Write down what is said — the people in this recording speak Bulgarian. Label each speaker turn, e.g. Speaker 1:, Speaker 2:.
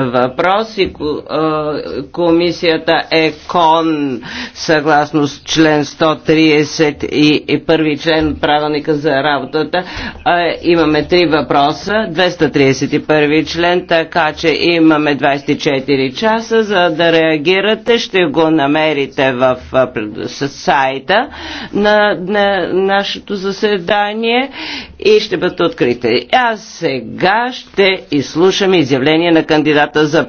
Speaker 1: Въпрос и Комисията Е Кон, съгласно с член 130 и първи член правилника за работата, имаме три въпроса, 231 член, така че имаме 24 часа, за да реагирате. Ще го намерите в сайта на, на нашето заседание и ще бъдат открити. А сега ще изслушаме изявление на кандидата
Speaker 2: за